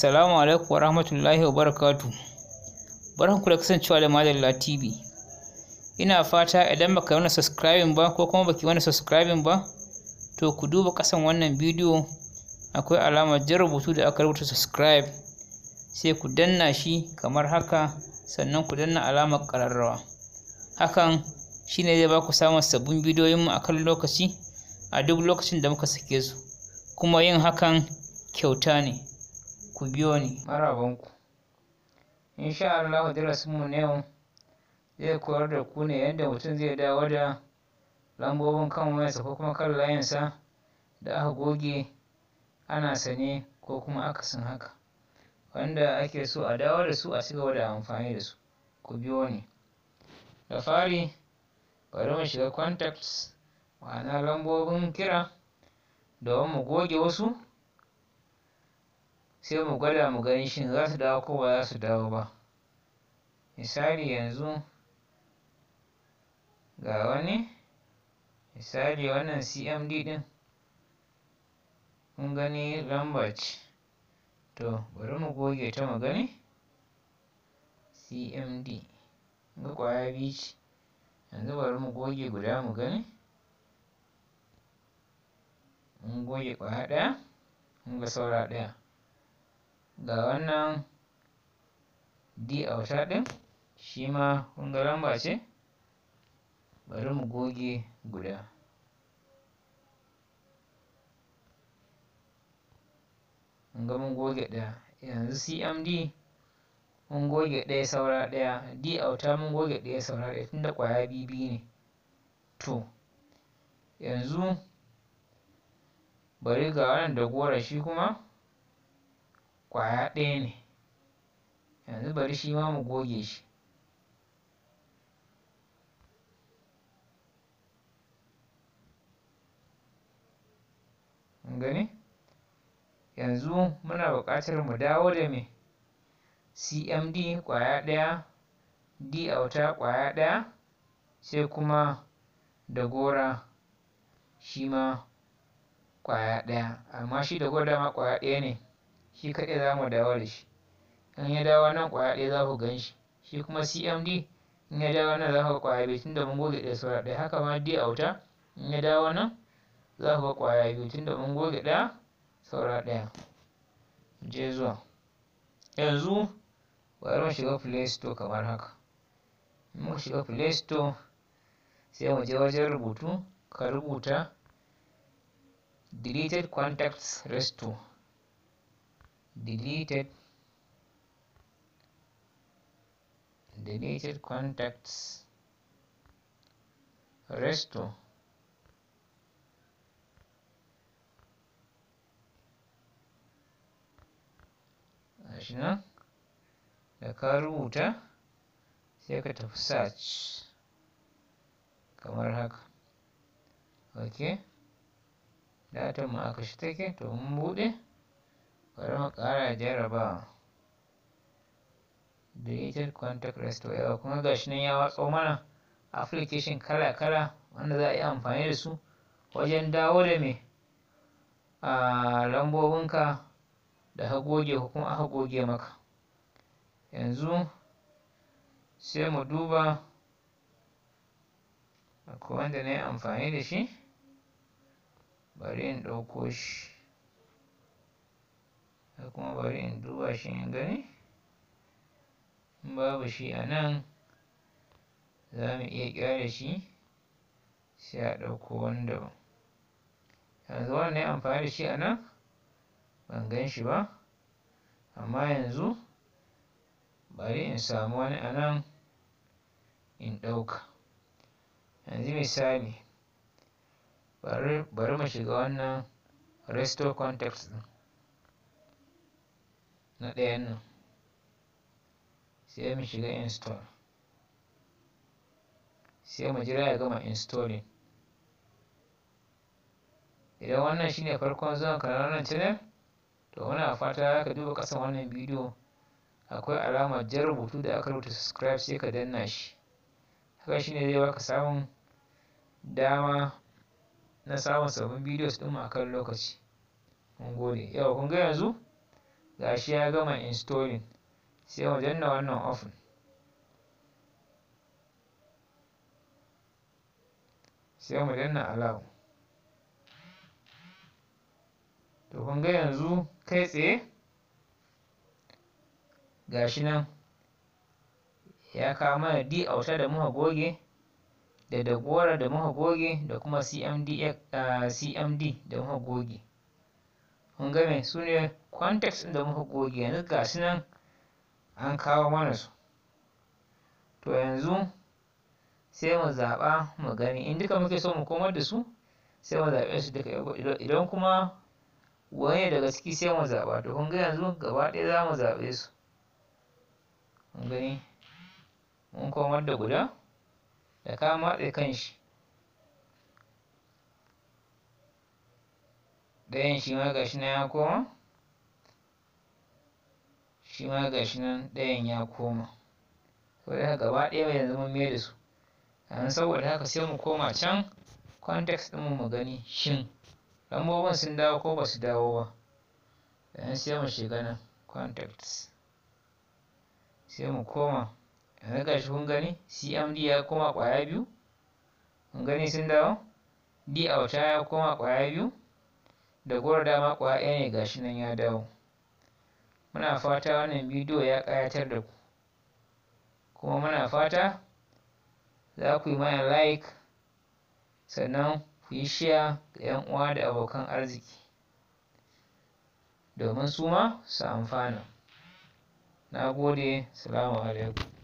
Assalamu alaikum wa rahmatullahi wa barakatu. Barkanku da kasancewa da Madalla TV. Ina fata idan baka wani subscribing ba ko kuma baki wani subscribing ba, to ku duba kasan wannan bidiyo akwai alama jan da aka rubuta subscribe sai ku danna shi kamar haka sannan ku danna alamar ƙararrawa. Hakan shine zai baku samun sabbin bidiyoyin bidiyoyinmu akan lokaci a duk lokacin da muka sake su. Kuma yin hakan kyauta ne. ku biyo ni marabanku insha Allah darasinmu na yau zai koyar da ku ne yadda mutum zai dawo da lambobin kan wayarsa ko kuma kan layinsa da aka goge ana sane ko kuma akasin haka wanda ake so a dawo da su a gaba da amfani da su ku biyo ni da fari bari mu shiga contacts ma'ana lambobin kira domin mu goge wasu sai mu gwada mu gani shin za su dawo ko ba za su dawo ba misali yanzu ga wani misali wannan cmd din kun gani lambac to bari mu goge ta mu gani cmd ga kwaya bici yanzu bari mu goge guda mu gani mun goge kwaya ɗaya mun ga saura ɗaya ga wannan d auta ɗin shi ma ga lamba ce bari mu goge guda ga mun goge ɗaya yanzu cmd mun goge ɗaya saura ɗaya d auta mun goge ɗaya saura ɗaya tunda ƙwaya bibi ne to yanzu bari ga wannan da gora shi kuma kwaya ɗaya ne yanzu bari shi ma mu goge shi gani yanzu muna buƙatar mu dawo da me cmd kwaya ɗaya d auta ƙwaya ɗaya sai kuma da gora shi ma ƙwaya ɗaya amma shi da gora ma ƙwaya ɗaya ne shi kaɗai za mu dawo da shi in ya dawo nan ƙwaya ɗaya za ku gan shi shi kuma cmd in ya dawo nan za ku ƙwaya biyu da mun goge ɗaya saura ɗaya haka ma d auta in ya dawo nan za ku ƙwaya biyu da mun goge ɗaya saura ɗaya je zuwa yanzu bari mu shiga play store kamar haka mu shiga play store sai mu je wajen rubutu ka rubuta deleted contacts restore deleted deleted contacts restore gashi da ka rubuta sai ka tafi search kamar haka ok datan mu aka shi take to mun buɗe bari mu ƙara jarraba deleted contact restore kuma ga shi nan ya watso mana application kala-kala wanda za a yi amfani da su wajen dawo da me a lambobinka da hagoge goge ko kuma maka yanzu sai mu duba akwai wanda na yi amfani da shi bari in ɗauko shi kuma bari in duba shi in gani babu shi a nan za mu iya kyara shi sai a ɗauko wani yanzu wannan amfani da shi a nan ban gan shi ba amma yanzu bari in samu wani a nan in ɗauka yanzu misali bari mu shiga wannan resto context ɗin na ɗayan nan sai mu shiga install sai mu jira ya gama installing idan wannan shine farkon zuwa ka nan wannan channel to muna fata ka duba ƙasan wannan bidiyo akwai alamar jan rubutu da aka rubuta subscribe sai ka danna shi haka shine zai baka samun dama na samun sabbin su ɗin akan lokaci mun gode yawa kun ga yanzu gashi ya gama installing sai mu danna wannan off sai mu danna allow to kun ga yanzu kai tsaye gashi nan ya kawo mana d auta da muka goge da dagora da muka goge da kuma cmd, uh, eh, cmd da muka goge kun me su ne context da muka goge yanzu ga su nan an kawo mana su to yanzu sai mu zaɓa mu gani in duka muke so mu komar da su sai mu zaɓe su duka idan kuma wani daga ciki sai mu zaɓa to kun ga yanzu gaba ɗaya za mu zaɓe su mun gani mun komar da guda da kama matse kan shi ɗayan shi ma shi nan ya koma shi ma shi nan ɗayan ya koma ko da gaba ɗaya mai yanzu mun mai da su yanzu saboda haka sai mu koma can context ɗin mu gani shin lambobin sun dawo ko ba su dawo ba yanzu sai mu shiga nan context sai mu koma yanzu gashi kun gani cmd ya koma ƙwaya biyu kun gani sun dawo d auta ya koma ƙwaya biyu da gora dama kuwa ɗaya ne gashi nan ya dawo muna fata wannan bidiyo ya ƙayatar da ku kuma muna fata za ku yi mana like sannan ku yi shiya ga 'yan uwa da abokan arziki domin su ma su amfana na gode salamu alaikum